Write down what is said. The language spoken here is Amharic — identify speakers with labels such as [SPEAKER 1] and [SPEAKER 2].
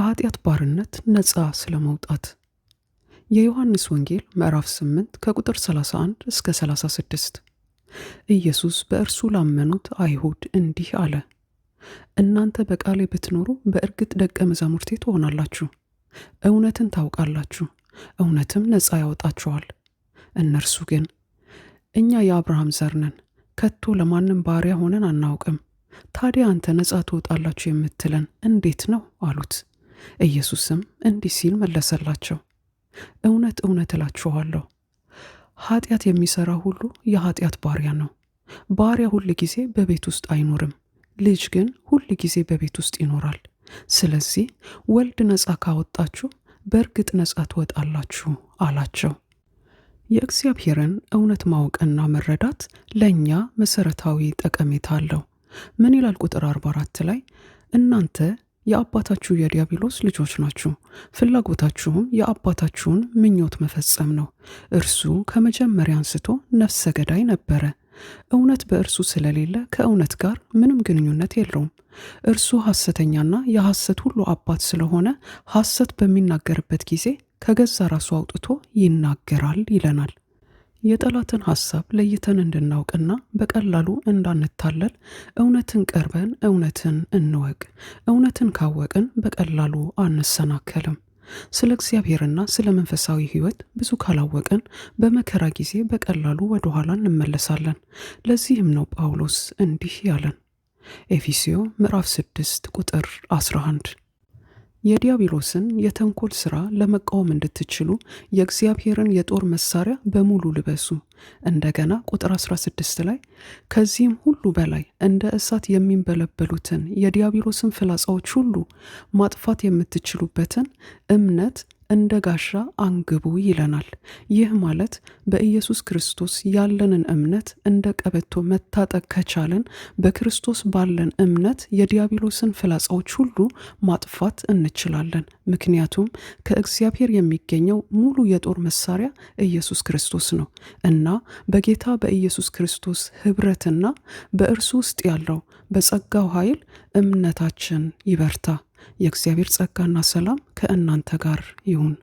[SPEAKER 1] ከኃጢአት ባርነት ነፃ ስለ መውጣት የዮሐንስ ወንጌል ምዕራፍ 8 ከቁጥር 31 እስከ 36። ኢየሱስ በእርሱ ላመኑት አይሁድ እንዲህ አለ፣ እናንተ በቃሌ ብትኖሩ በእርግጥ ደቀ መዛሙርቴ ትሆናላችሁ፣ እውነትን ታውቃላችሁ፣ እውነትም ነፃ ያወጣችኋል። እነርሱ ግን እኛ የአብርሃም ዘር ነን፣ ከቶ ለማንም ባሪያ ሆነን አናውቅም፣ ታዲያ አንተ ነፃ ትወጣላችሁ የምትለን እንዴት ነው? አሉት። ኢየሱስም እንዲህ ሲል መለሰላቸው፣ እውነት እውነት እላችኋለሁ ኃጢአት የሚሠራ ሁሉ የኃጢአት ባሪያ ነው። ባሪያ ሁል ጊዜ በቤት ውስጥ አይኖርም፣ ልጅ ግን ሁል ጊዜ በቤት ውስጥ ይኖራል። ስለዚህ ወልድ ነጻ ካወጣችሁ በእርግጥ ነጻ ትወጣላችሁ አላቸው። የእግዚአብሔርን እውነት ማወቅና መረዳት ለእኛ መሠረታዊ ጠቀሜታ አለው። ምን ይላል? ቁጥር 44 ላይ እናንተ የአባታችሁ የዲያብሎስ ልጆች ናችሁ። ፍላጎታችሁም የአባታችሁን ምኞት መፈጸም ነው። እርሱ ከመጀመሪያ አንስቶ ነፍሰ ገዳይ ነበረ። እውነት በእርሱ ስለሌለ ከእውነት ጋር ምንም ግንኙነት የለውም። እርሱ ሐሰተኛና የሐሰት ሁሉ አባት ስለሆነ ሐሰት በሚናገርበት ጊዜ ከገዛ ራሱ አውጥቶ ይናገራል ይለናል። የጠላትን ሐሳብ ለይተን እንድናውቅና በቀላሉ እንዳንታለል እውነትን ቀርበን እውነትን እንወቅ። እውነትን ካወቅን በቀላሉ አንሰናከልም። ስለ እግዚአብሔርና ስለ መንፈሳዊ ሕይወት ብዙ ካላወቅን በመከራ ጊዜ በቀላሉ ወደ ኋላ እንመለሳለን። ለዚህም ነው ጳውሎስ እንዲህ ያለን ኤፌስዮ ምዕራፍ 6 ቁጥር 11 የዲያብሎስን የተንኮል ሥራ ለመቃወም እንድትችሉ የእግዚአብሔርን የጦር መሳሪያ በሙሉ ልበሱ። እንደገና ቁጥር 16 ላይ ከዚህም ሁሉ በላይ እንደ እሳት የሚንበለበሉትን የዲያብሎስን ፍላጻዎች ሁሉ ማጥፋት የምትችሉበትን እምነት እንደ ጋሻ አንግቡ ይለናል። ይህ ማለት በኢየሱስ ክርስቶስ ያለንን እምነት እንደ ቀበቶ መታጠቅ ከቻለን በክርስቶስ ባለን እምነት የዲያብሎስን ፍላጻዎች ሁሉ ማጥፋት እንችላለን። ምክንያቱም ከእግዚአብሔር የሚገኘው ሙሉ የጦር መሳሪያ ኢየሱስ ክርስቶስ ነው እና በጌታ በኢየሱስ ክርስቶስ ኅብረትና በእርሱ ውስጥ ያለው በጸጋው ኃይል እምነታችን ይበርታ። የእግዚአብሔር ጸጋና ሰላም ከእናንተ ጋር ይሁን።